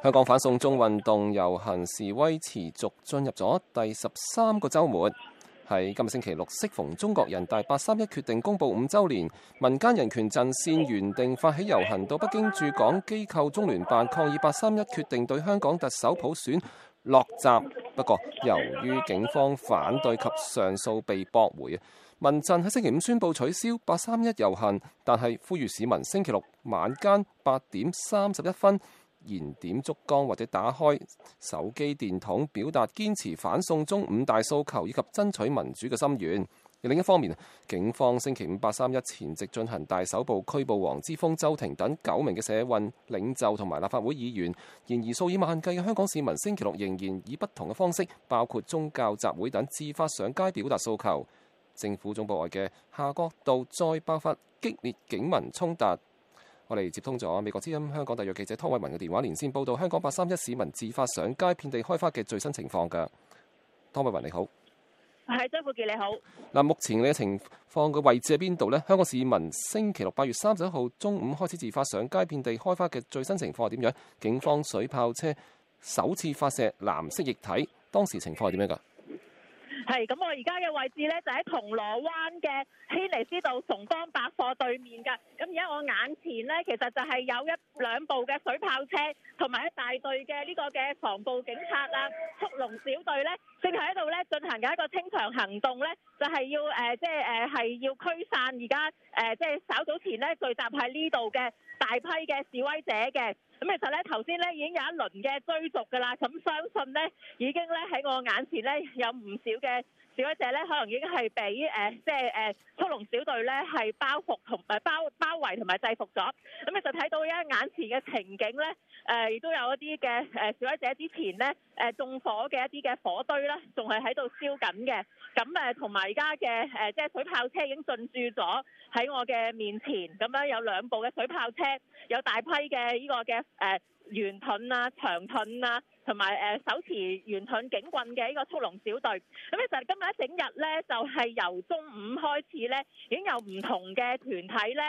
香港反送中運動遊行示威持續進入咗第十三個週末。喺今日星期六，適逢中國人大八三一決定公佈五週年，民間人權陣線原定發起遊行到北京駐港機構中聯辦抗議八三一決定對香港特首普選落閘，不過由於警方反對及上訴被駁回啊，民陣喺星期五宣布取消八三一遊行，但係呼籲市民星期六晚間八點三十一分，燃點燭光或者打開手機電筒，表達堅持反送中五大訴求以及爭取民主嘅心願。另一方面，警方星期五八三一前夕進行大搜捕，黃之鋒、周庭等九名嘅社運領袖同埋立法會議員。然而，數以萬計嘅香港市民星期六仍然以不同嘅方式，包括宗教集會等，自發上街表達訴求。政府總部外嘅夏慤道再爆發激烈警民衝突。我哋接通咗美國之音香港特約記者湯偉文嘅電話連線報道，香港八三一市民自發上街遍地開花嘅最新情況嘅。湯偉文你好，係張富健你好。嗱，目前你嘅情況嘅位置喺邊度呢？香港市民星期六八月三十一號中午開始自發上街遍地開花嘅最新情況係點樣？警方水炮車首次發射藍色液體，當時情況係點樣噶？係，咁、嗯、我而家嘅位置咧就喺銅鑼灣嘅希尼斯道崇光百貨對面噶，咁而家我眼前咧其實就係有一兩部嘅水炮車，同埋一大隊嘅呢個嘅防暴警察啊，速龍小隊咧正係喺度咧進行緊一個清場行動咧，就係、是、要誒即係誒係要驅散而家誒即係稍早前咧聚集喺呢度嘅大批嘅示威者嘅。咁其實咧，頭先咧已經有一輪嘅追逐㗎啦，咁相信咧已經咧喺我眼前咧有唔少嘅。小鬼仔咧，可能已經係被誒、呃，即係誒，速、呃、龍小隊咧係包覆同誒包包圍同埋制服咗。咁你就睇到一眼前嘅情景咧，誒、呃、亦都有一啲嘅誒小鬼仔之前咧誒縱火嘅一啲嘅火堆啦，仲係喺度燒緊嘅。咁誒同埋而家嘅誒即係水炮車已經進駐咗喺我嘅面前，咁樣有兩部嘅水炮車，有大批嘅呢個嘅誒圓盾啊、長盾啊。同埋誒手持圓盾警棍嘅呢個速龍小隊，咁咧就係今日一整日咧，就係、是、由中午開始咧，已經有唔同嘅團體，咧、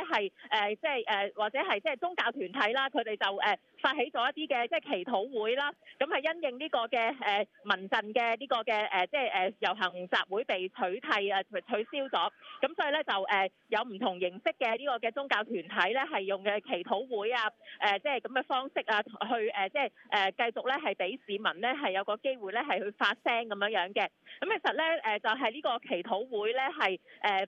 呃，係誒即係誒或者係即係宗教團體啦，佢哋就誒、呃、發起咗一啲嘅即係祈禱會啦，咁係因應呢個嘅誒、呃、民陣嘅呢個嘅誒即係誒遊行集會被取締啊取，取消咗，咁所以咧就誒、呃、有唔同形式嘅呢個嘅宗教團體咧，係用嘅祈禱會啊誒即係咁嘅方式啊去誒即係誒繼續咧係被。市民咧係有個機會咧係去發聲咁樣樣嘅，咁、嗯、其實咧誒就係、是、呢個祈禱會咧係誒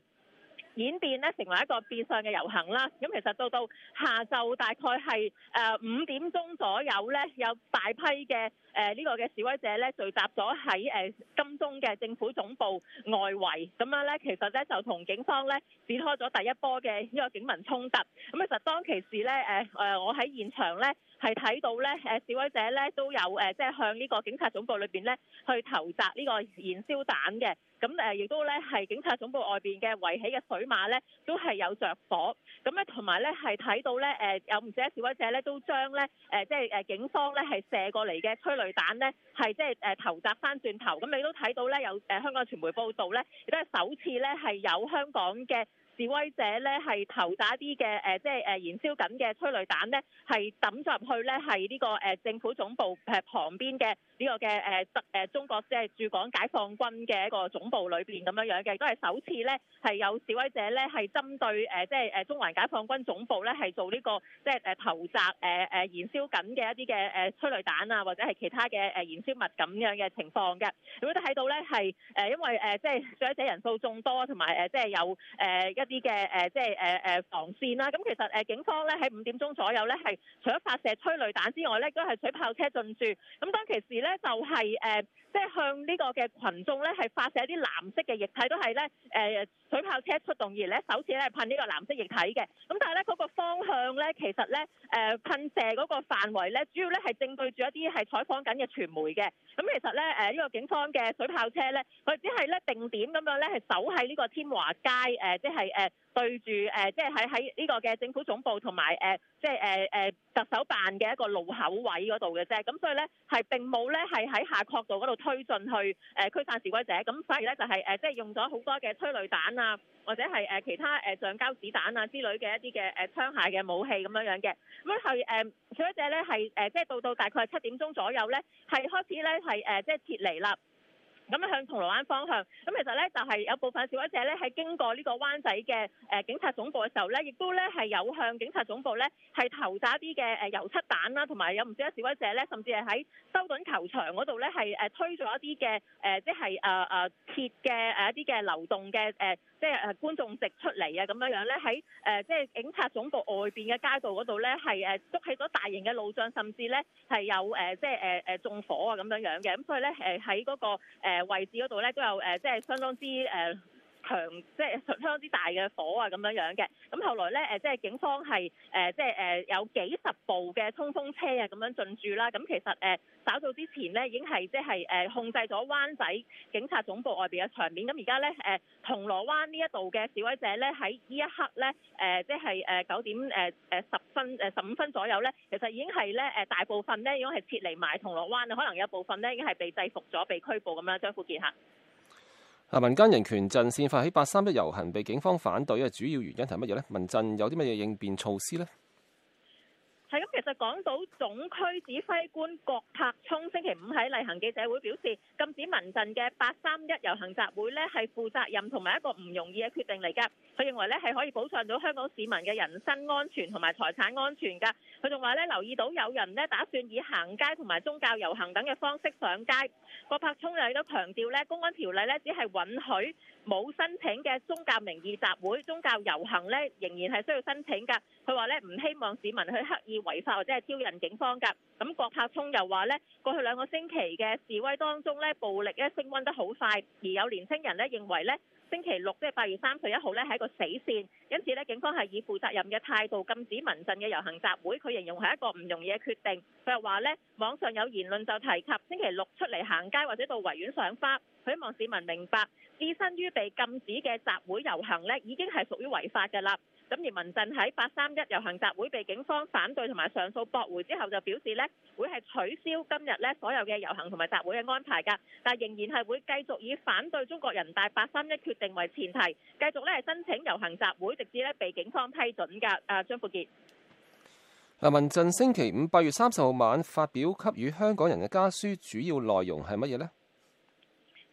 演變咧成為一個變相嘅遊行啦。咁、嗯、其實到到下晝大概係誒五點鐘左右咧，有大批嘅誒呢個嘅示威者咧聚集咗喺誒金鐘嘅政府總部外圍，咁樣咧其實咧就同警方咧展開咗第一波嘅呢個警民衝突。咁、嗯、其實當其時咧誒誒，我喺現場咧。係睇到咧，誒示威者咧都有誒、呃，即係向呢個警察總部裏邊咧去投擲呢個燃燒彈嘅，咁誒亦都咧係警察總部外邊嘅圍起嘅水馬咧都係有着火，咁咧同埋咧係睇到咧誒有唔少示威者咧都將咧誒即係誒警方咧係射過嚟嘅催淚彈咧係即係誒投擲翻轉頭，咁你都睇到咧有誒香港傳媒報道咧亦都係首次咧係有香港嘅。示威者咧係投擲一啲嘅誒，即係誒燃燒緊嘅催淚彈呢，係抌咗入去咧，係呢個誒政府總部誒旁邊嘅呢個嘅誒特中國即係駐港解放軍嘅一個總部裏邊咁樣樣嘅，都係首次咧係有示威者咧係針對誒即係誒中環解放軍總部咧係做呢個即係誒投擲誒誒燃燒緊嘅一啲嘅誒催淚彈啊，或者係其他嘅誒燃燒物咁樣嘅情況嘅。咁都睇到咧係誒，因為誒即係示威者人數眾多，同埋誒即係有誒一，呃啲嘅誒，即係誒誒防線啦。咁、啊、其實誒、呃、警方咧喺五點鐘左右咧，係除咗發射催淚彈之外咧，都係水炮車進駐。咁、啊、當其時咧，就係、是、誒。呃即係向個呢個嘅群眾咧，係發射一啲藍色嘅液體，都係咧，誒、呃、水炮車出動而咧，首次咧噴呢噴個藍色液體嘅。咁但係咧，嗰、這個方向咧，其實咧，誒、呃、噴射嗰個範圍咧，主要咧係正對住一啲係採訪緊嘅傳媒嘅。咁、嗯、其實咧，誒、呃、呢、這個警方嘅水炮車咧，佢只係咧定點咁樣咧，係守喺呢個天華街，誒、呃、即係誒。呃對住誒、呃，即係喺喺呢個嘅政府總部同埋誒，即係誒誒特首辦嘅一個路口位嗰度嘅啫。咁所以咧，係並冇咧係喺夏慤道嗰度推進去誒驅、呃、散示威者。咁反而咧就係誒，即係用咗好多嘅催淚彈啊，或者係誒、呃、其他誒橡膠子彈啊之類嘅一啲嘅誒槍械嘅武器咁樣樣嘅。咁係誒示威者咧係誒，即係到到大概係七點鐘左右咧，係開始咧係誒即係撤離啦。咁、嗯、向銅鑼灣方向，咁、嗯、其實咧就係、是、有部分示威者咧喺經過呢個灣仔嘅誒、呃、警察總部嘅時候咧，亦都咧係有向警察總部咧係投擲一啲嘅誒油漆彈啦，同埋有唔少嘅示威者咧，甚至係喺修頓球場嗰度咧係誒推咗一啲嘅誒即係誒誒鐵嘅誒、啊、一啲嘅流動嘅誒。呃即係誒觀眾直出嚟啊，咁樣樣咧喺誒即係警察總部外邊嘅街道嗰度咧，係、呃、誒捉起咗大型嘅路障，甚至咧係有誒、呃、即係誒誒縱火啊咁樣樣嘅，咁所以咧誒喺嗰個、呃、位置嗰度咧都有誒、呃、即係相當之誒。呃強即係相當之大嘅火啊，咁樣樣嘅。咁後來咧，誒即係警方係誒、呃、即係誒有幾十部嘅衝鋒車啊，咁樣進駐啦。咁其實誒稍早之前咧已經係即係誒控制咗灣仔警察總部外邊嘅場面。咁而家咧誒銅鑼灣呢一度嘅示威者咧喺呢一刻咧誒即係誒九點誒誒十分誒十五分左右咧，其實已經係咧誒大部分咧已經係撤離埋銅鑼灣啦。可能有部分咧已經係被制服咗、被拘捕咁樣。張富傑嚇。民間人權陣線發起八三一遊行，被警方反對嘅主要原因係乜嘢呢？民陣有啲乜嘢應變措施呢？就港島總區指揮官郭柏聰星期五喺例行記者會表示，禁止民陣嘅八三一遊行集會呢係負責任同埋一個唔容易嘅決定嚟噶。佢認為呢係可以保障到香港市民嘅人身安全同埋財產安全噶。佢仲話呢留意到有人呢打算以行街同埋宗教遊行等嘅方式上街。郭柏聰又有強調呢，公安條例呢只係允許冇申請嘅宗教名義集會、宗教遊行呢，仍然係需要申請噶。佢話呢唔希望市民去刻意違反。或者係挑釁警方㗎，咁郭柏聰又話呢，過去兩個星期嘅示威當中咧，暴力咧升溫得好快，而有年輕人咧認為呢，星期六即係八月三十一號咧係一個死線，因此呢，警方係以負責任嘅態度禁止民陣嘅遊行集會，佢形容係一個唔容易嘅決定。佢又話呢，網上有言論就提及星期六出嚟行街或者到維園賞花，佢希望市民明白，置身於被禁止嘅集會遊行呢，已經係屬於違法㗎啦。咁而民陣喺八三一遊行集會被警方反對同埋上訴駁回之後，就表示呢會係取消今日呢所有嘅遊行同埋集會嘅安排噶但係仍然係會繼續以反對中國人大八三一決定為前提，繼續呢申請遊行集會，直至呢被警方批准噶。阿張富杰，阿民陣星期五八月三十號晚發表給予香港人嘅家書，主要內容係乜嘢呢？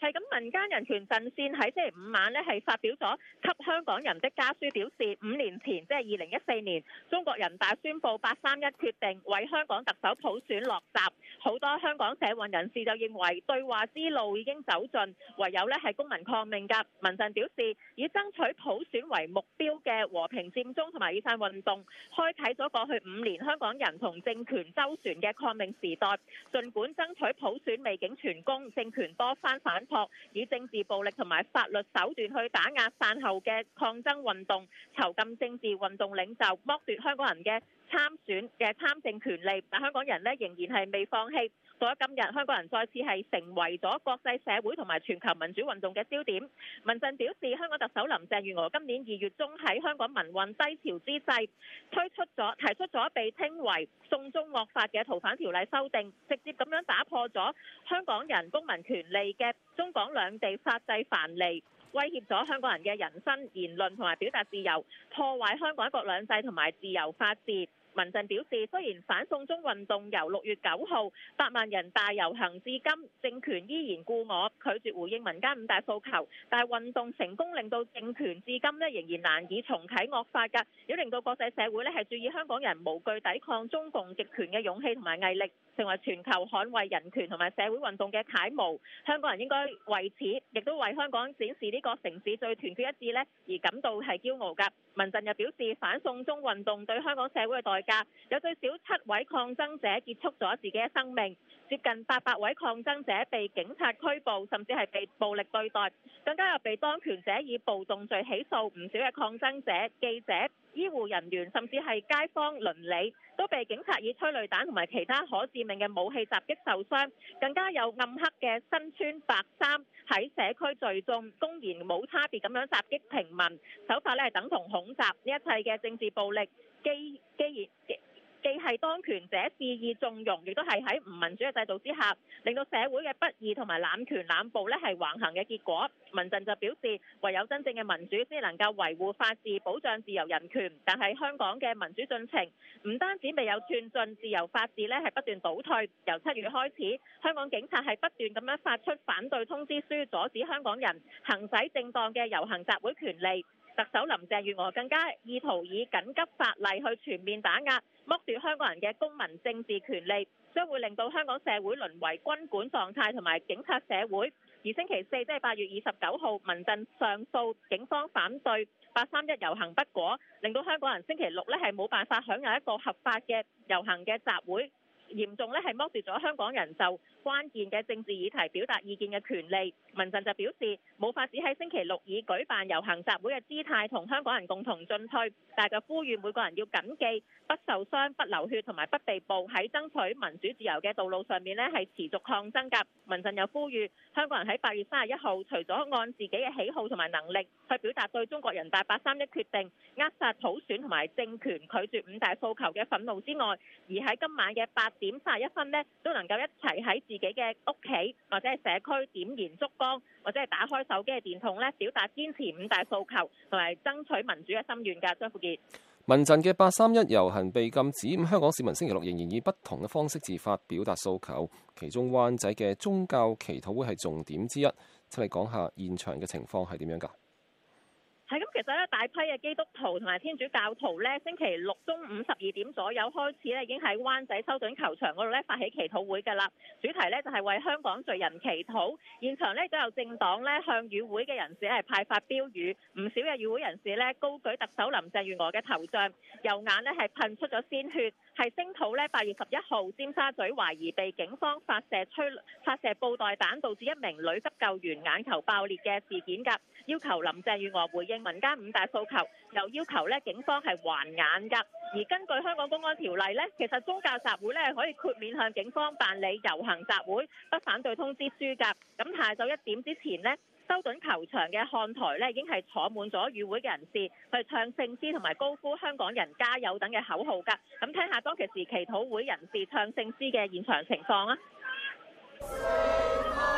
係咁。民間人權陣線喺星期五晚咧，係發表咗給香港人的家書，表示五年前即係二零一四年，中國人大宣布八三一決定為香港特首普選落閘，好多香港社運人士就認為對話之路已經走盡，唯有呢係公民抗命噶。民陣表示，以爭取普選為目標嘅和平佔中同埋雨傘運動，開啓咗過去五年香港人同政權周旋嘅抗命時代。儘管爭取普選未竟全功，政權多番反撲。以政治暴力同埋法律手段去打壓傘後嘅抗爭運動，囚禁政治運動領袖，剝奪香港人嘅參選嘅參政權利，但香港人呢仍然係未放棄。所以今日，香港人再次係成為咗國際社會同埋全球民主運動嘅焦點，民陣表示，香港特首林鄭月娥今年二月中喺香港民運低潮之際推出咗提出咗，被稱為送中惡法嘅逃犯條例修訂，直接咁樣打破咗香港人公民權利嘅中港兩地法制藩籬，威脅咗香港人嘅人身言論同埋表達自由，破壞香港一國兩制同埋自由法治。民陣表示，雖然反送中運動由六月九號百萬人大遊行至今，政權依然故我，拒絕回應民間五大訴求，但係運動成功令到政權至今咧仍然難以重啟惡法。噶要令到國際社會咧係注意香港人無懼抵抗中共極權嘅勇氣同埋毅力，成為全球捍衞人權同埋社會運動嘅楷模，香港人應該為此，亦都為香港展示呢個城市最團結一致呢而感到係驕傲㗎。民陣又表示，反送中運動對香港社會嘅代價有最少七位抗爭者結束咗自己嘅生命，接近八百位抗爭者被警察拘捕，甚至係被暴力對待，更加有被當權者以暴動罪起訴唔少嘅抗爭者、記者。醫護人員甚至係街坊鄰里都被警察以催淚彈同埋其他可致命嘅武器襲擊受傷，更加有暗黑嘅身穿白衫喺社區聚眾公然冇差別咁樣襲擊平民，手法咧係等同恐襲，呢一切嘅政治暴力，機機熱。既係當權者肆意縱容，亦都係喺唔民主嘅制度之下，令到社會嘅不義同埋濫權濫暴咧係橫行嘅結果。民陣就表示，唯有真正嘅民主先能夠維護法治、保障自由人權。但係香港嘅民主進程，唔單止未有寸進，自由法治咧，係不斷倒退。由七月開始，香港警察係不斷咁樣發出反對通知書，阻止香港人行使正當嘅遊行集會權利。特首林鄭月娥更加意圖以緊急法例去全面打壓，剝奪香港人嘅公民政治權利，將會令到香港社會淪為軍管狀態，同埋警察社會。而星期四即係八月二十九號，民陣上訴警方反對八三一遊行不果，令到香港人星期六咧係冇辦法享有一個合法嘅遊行嘅集會。嚴重咧係剝奪咗香港人就關鍵嘅政治議題表達意見嘅權利。民陣就表示，冇法子喺星期六以舉辦遊行集會嘅姿態同香港人共同進退，但係就呼籲每個人要謹記不受傷、不流血同埋不被捕喺爭取民主自由嘅道路上面呢係持續抗爭。噶民陣又呼籲香港人喺八月三十一號除咗按自己嘅喜好同埋能力去表達對中國人大八三一決定扼殺普選同埋政權拒絕五大訴求嘅憤怒之外，而喺今晚嘅八點晒一分呢，都能夠一齊喺自己嘅屋企，或者係社區點燃燭光，或者係打開手機嘅電筒，呢表達堅持五大訴求同埋爭取民主嘅心願噶。張富杰，民陣嘅八三一遊行被禁止，咁香港市民星期六仍然以不同嘅方式自發表達訴求，其中灣仔嘅宗教祈禱會係重點之一，請你講下現場嘅情況係點樣噶？係咁，其實咧大批嘅基督徒同埋天主教徒咧，星期六中午十二點左右開始咧，已經喺灣仔修頓球場嗰度咧發起祈禱會㗎啦。主題咧就係、是、為香港罪人祈禱。現場咧都有政黨咧向與會嘅人士咧派發標語，唔少嘅與會人士咧高舉特首林鄭月娥嘅頭像，右眼咧係噴出咗鮮血。係聲討咧，八月十一號尖沙咀懷疑被警方發射催發射布袋彈，導致一名女急救員眼球爆裂嘅事件噶，要求林鄭月娥回應民間五大訴求，又要求咧警方係還眼噶。而根據香港公安條例咧，其實宗教集會咧可以豁免向警方辦理遊行集會不反對通知書噶。咁下晝一點之前咧。修頓球場嘅看台咧，已經係坐滿咗與會嘅人士，去唱聖詩同埋高呼香港人加油等嘅口號噶。咁聽下當其時祈禱會人士唱聖詩嘅現場情況啊！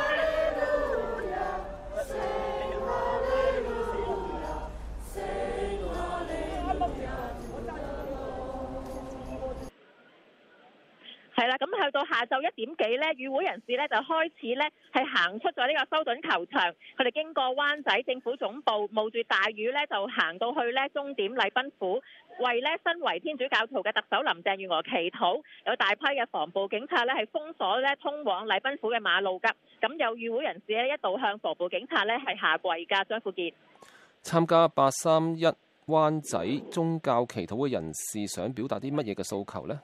係啦，咁去到下晝一點幾咧，與會人士呢就開始呢係行出咗呢個修頓球場，佢哋經過灣仔政府總部，冒住大雨呢就行到去呢終點禮賓府，為呢身為天主教徒嘅特首林鄭月娥祈禱。有大批嘅防暴警察呢係封鎖呢通往禮賓府嘅馬路嘅，咁有與會人士呢，一度向防暴警察呢係下跪噶。張富健參加八三一灣仔宗教祈禱嘅人士想表達啲乜嘢嘅訴求呢？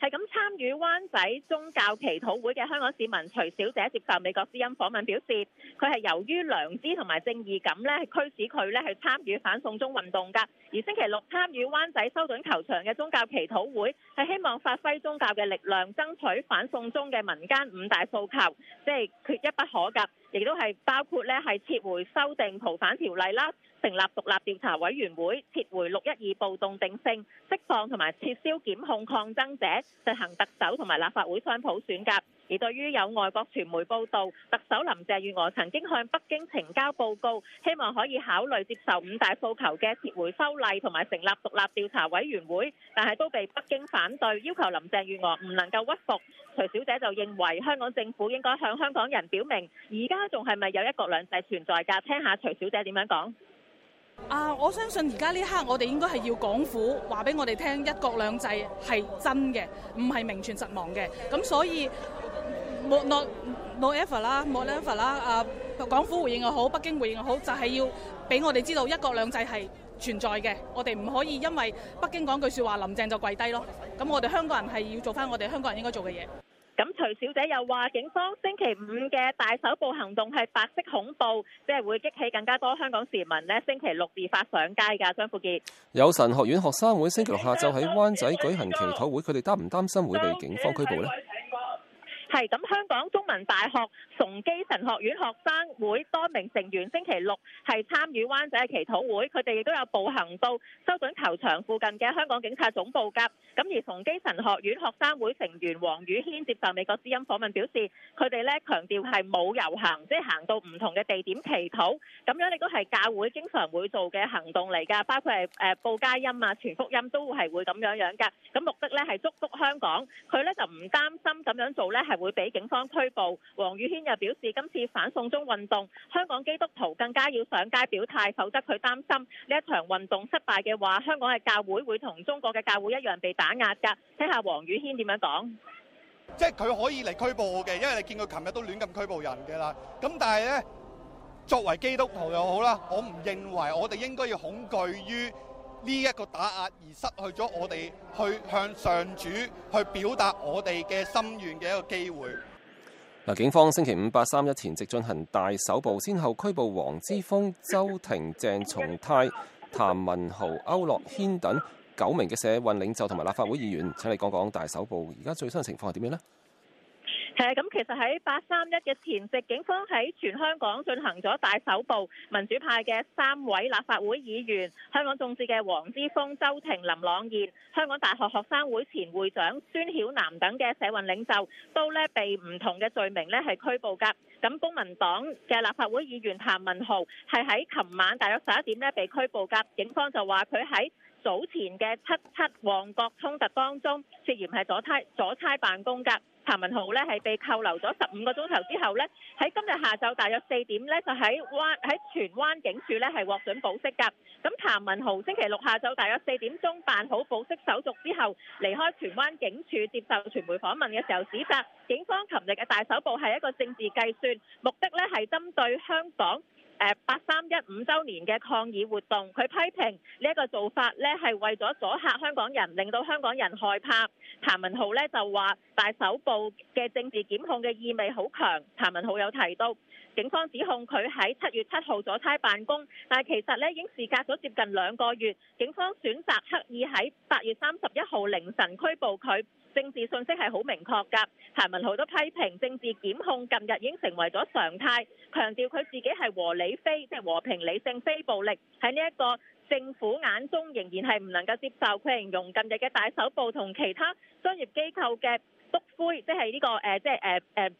係咁參與灣仔宗教祈禱會嘅香港市民徐小姐接受美國之音訪問表示，佢係由於良知同埋正義感咧，係驅使佢咧去參與反送中運動㗎。而星期六參與灣仔修頓球場嘅宗教祈禱會係希望發揮宗教嘅力量，爭取反送中嘅民間五大訴求，即係缺一不可㗎。亦都係包括咧係撤回修訂逃犯條例啦。成立獨立調查委員會，撤回六一二暴動定性，釋放同埋撤銷檢控抗爭者，實行特首同埋立法會雙普選噶。而對於有外國傳媒報道，特首林鄭月娥曾經向北京呈交報告，希望可以考慮接受五大訴求嘅撤回修例同埋成立獨立調查委員會，但係都被北京反對，要求林鄭月娥唔能夠屈服。徐小姐就認為香港政府應該向香港人表明而家仲係咪有一國兩制存在㗎？聽下徐小姐點樣講。啊！我相信而家呢刻，我哋應該係要港府話俾我哋聽，一國兩制係真嘅，唔係名存實亡嘅。咁所以冇、嗯、no no ever 啦，冇 effort 啦。啊，港府回應又好，北京回應又好，就係、是、要俾我哋知道一國兩制係存在嘅。我哋唔可以因為北京講句説話，林鄭就跪低咯。咁我哋香港人係要做翻我哋香港人應該做嘅嘢。徐小姐又話：警方星期五嘅大搜捕行動係白色恐怖，即係會激起更加多香港市民呢，星期六自發上街㗎，張富傑。有神學院學生會星期六下晝喺灣仔舉行祈禱會，佢哋擔唔擔心會被警方拘捕呢？係咁，香港中文大學崇基神學院學生會多名成員星期六係參與灣仔嘅祈禱會，佢哋亦都有步行到修頓球場附近嘅香港警察總部㗎。咁而崇基神學院學生會成員黃宇軒接受美國之音訪問表示，佢哋咧強調係冇遊行，即係行到唔同嘅地點祈禱。咁樣亦都係教會經常會做嘅行動嚟㗎，包括係誒報佳音啊、傳福音都係會咁樣樣㗎。咁目的咧係祝福香港，佢咧就唔擔心咁樣做咧係會俾警方拘捕，黃宇軒又表示今次反送中運動，香港基督徒更加要上街表態，否則佢擔心呢一場運動失敗嘅話，香港嘅教會會同中國嘅教會一樣被打壓噶。睇下黃宇軒點樣講，即係佢可以嚟，拘捕我嘅，因為你見佢琴日都亂咁拘捕人嘅啦。咁但係咧，作為基督徒又好啦，我唔認為我哋應該要恐懼於。呢一個打壓而失去咗我哋去向上主去表達我哋嘅心願嘅一個機會。嗱，警方星期五八三一前夕進行大搜捕，先後拘捕黃之鋒、周庭、鄭松泰、譚文豪、區諾軒等九名嘅社運領袖同埋立法會議員。請你講講大搜捕而家最新嘅情況係點樣呢？誒咁其實喺八三一嘅前夕，警方喺全香港進行咗大搜捕民主派嘅三位立法會議員、香港眾志嘅黃之鋒、周庭、林朗賢、香港大學學生會前會長孫曉南等嘅社運領袖都咧被唔同嘅罪名咧係拘捕㗎。咁公民黨嘅立法會議員譚文豪係喺琴晚大約十一點咧被拘捕㗎。警方就話佢喺早前嘅七七旺角衝突當中涉嫌係阻差阻差辦公㗎。譚文豪咧係被扣留咗十五個鐘頭之後咧，喺今日下晝大約四點咧就喺灣喺荃灣警署咧係獲准保釋噶。咁譚文豪星期六下晝大約四點鐘辦好保釋手續之後，離開荃灣警署接受傳媒訪問嘅時候，指責警方琴日嘅大搜捕係一個政治計算，目的咧係針對香港。誒八三一五周年嘅抗議活動，佢批評呢一個做法咧係為咗阻嚇香港人，令到香港人害怕。譚文豪咧就話大搜捕嘅政治檢控嘅意味好強。譚文豪有提到。警方指控佢喺七月七號阻差辦公，但係其實咧已經事隔咗接近兩個月，警方選擇刻意喺八月三十一號凌晨拘捕佢，政治信息係好明確噶。譚文豪都批評政治檢控近日已經成為咗常態，強調佢自己係和理非，即係和平理性非暴力喺呢一個政府眼中仍然係唔能夠接受。佢形容近日嘅大搜捕同其他商業機構嘅督灰，即係呢、這個誒、呃，即係誒誒。呃呃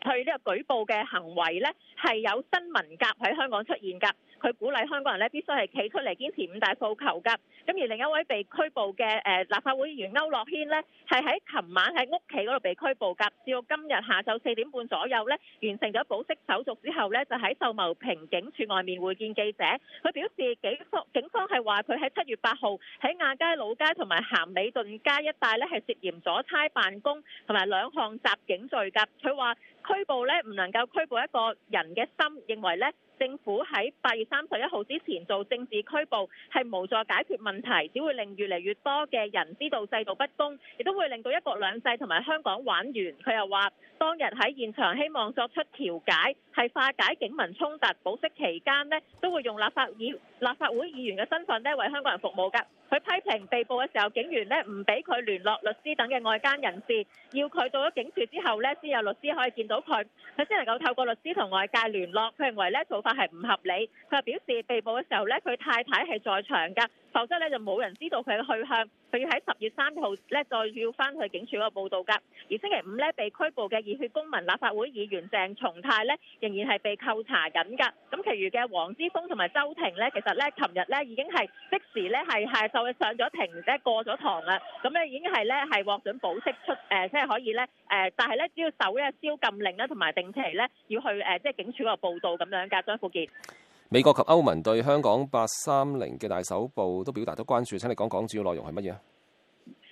佢呢個舉報嘅行為呢，係有新聞夾喺香港出現㗎。佢鼓勵香港人呢，必須係企出嚟堅持五大訴求㗎。咁而另一位被拘捕嘅，呃，立法會議員歐樂軒呢，係喺琴晚喺屋企嗰度被拘捕㗎。至到今日下晝四點半左右呢，完成咗保釋手續之後呢，就喺秀茂坪警署外面會見記者。佢表示，警方警方係話佢喺七月八號，喺亞皆老街同埋咸美頓街一帶呢，係涉嫌阻差辦公，同埋兩項襲警罪㗎。佢話，拘捕呢，唔能夠拘捕一個人嘅心，認為呢，政府喺八月三十一號之前做政治拘捕，係無助解決問題，只會令越嚟越多嘅人知道制度不公，亦都會令到一國兩制同埋香港玩完。佢又話，當日喺現場希望作出調解，係化解警民衝突。保釋期間呢，都會用立法議、立法會議員嘅身份呢，為香港人服務㗎。佢批評被捕嘅時候，警員呢唔俾佢聯絡律師等嘅外間人士，要佢到咗警署之後呢先有律師可以見到佢，佢先能夠透過律師同外界聯絡。佢認為呢做法係唔合理，佢又表示被捕嘅時候呢，佢太太係在場㗎，否則呢就冇人知道佢嘅去向。佢要喺十月三號呢再要翻去警署嗰度報到㗎。而星期五呢，被拘捕嘅熱血公民立法會議員鄭松泰呢，仍然係被扣查緊㗎。咁，其餘嘅黃之鋒同埋周庭呢，其實呢琴日呢已經係即時呢係係。我哋上咗庭咧，過咗堂啦，咁咧已經係咧係獲准保釋出，誒，即係可以咧，誒，但係咧只要手咧宵禁令咧，同埋定期咧要去誒，即係警署嗰度報到咁樣噶。張富杰，美國及歐盟對香港八三零嘅大搜捕都表達咗關注，請你講講主要內容係乜嘢？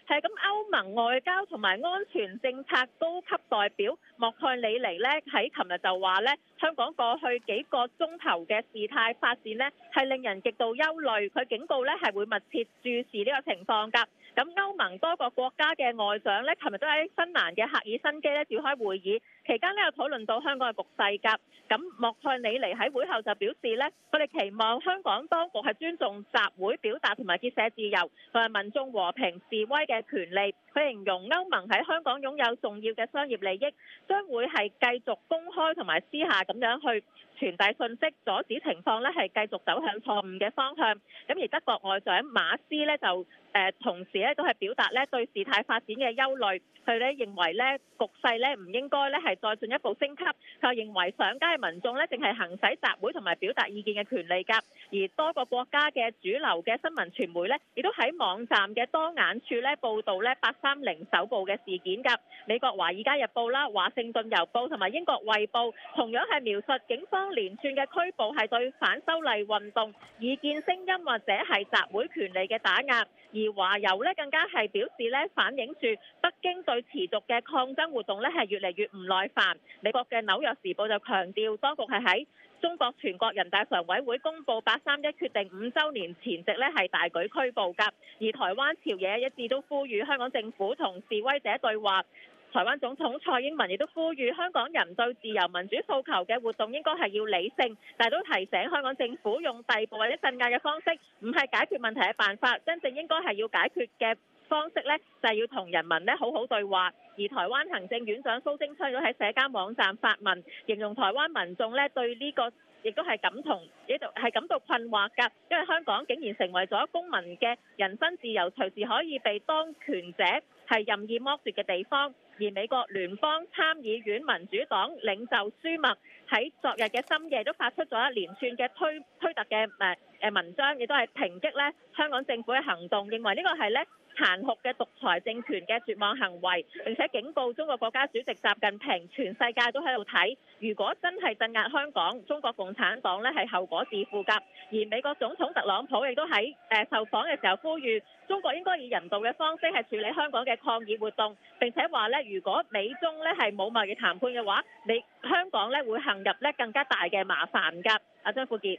係咁，歐盟外交同埋安全政策高級代表莫漢里尼咧，喺琴日就話咧，香港過去幾個鐘頭嘅事態發展咧，係令人極度憂慮。佢警告咧，係會密切注視呢個情況㗎。咁歐盟多個國家嘅外長呢，琴日都喺芬蘭嘅赫爾辛基呢召開會議。期間咧又討論到香港嘅局勢㗎，咁莫蓋里尼喺會後就表示咧，佢哋期望香港當局係尊重集會表達同埋結社自由同埋民眾和平示威嘅權利。佢形容歐盟喺香港擁有重要嘅商業利益，將會係繼續公開同埋私下咁樣去，傳遞信息，阻止情況咧係繼續走向錯誤嘅方向。咁而德國外長馬斯咧就誒同時咧都係表達咧對事態發展嘅憂慮。佢咧認為咧局勢咧唔應該咧係再進一步升級。佢認為上街民眾咧淨係行使集會同埋表達意見嘅權利㗎。而多個國家嘅主流嘅新聞傳媒咧，亦都喺網站嘅多眼處咧報導咧八三零首部嘅事件㗎。美國華爾街日報啦、華盛頓郵報同埋英國衛報同樣係描述警方。連串嘅拘捕係對反修例運動異見聲音或者係集會權利嘅打壓，而華郵咧更加係表示咧反映住北京對持續嘅抗爭活動咧係越嚟越唔耐煩。美國嘅紐約時報就強調當局係喺中國全國人大常委會公布八三一決定五周年前夕咧係大舉拘捕噶，而台灣朝野一致都呼籲香港政府同示威者對話。台灣總統蔡英文亦都呼籲香港人對自由民主訴求嘅活動應該係要理性，但係都提醒香港政府用逮捕或者鎮壓嘅方式唔係解決問題嘅辦法，真正應該係要解決嘅方式咧，就係、是、要同人民咧好好對話。而台灣行政院長蘇貞昌亦都喺社交網站發文，形容台灣民眾咧對呢個亦都係感同呢度係感到困惑㗎，因為香港竟然成為咗公民嘅人身自由隨時可以被當權者係任意剝奪嘅地方。而美國聯邦參議院民主黨領袖舒默喺昨日嘅深夜都發出咗一連串嘅推推特嘅誒誒文章，亦都係抨擊咧香港政府嘅行動，認為呢個係咧，殘酷嘅獨裁政權嘅絕望行為，並且警告中國國家主席習近平，全世界都喺度睇。如果真係鎮壓香港，中國共產黨咧係後果自負噶。而美國總統特朗普亦都喺誒受訪嘅時候呼籲中國應該以人道嘅方式係處理香港嘅抗議活動，並且話咧，如果美中咧係冇貿易談判嘅話，美香港咧會陷入咧更加大嘅麻煩噶。阿張富杰，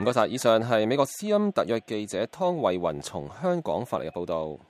唔該晒。以上係美國之音特約記者湯慧云從香港發嚟嘅報道。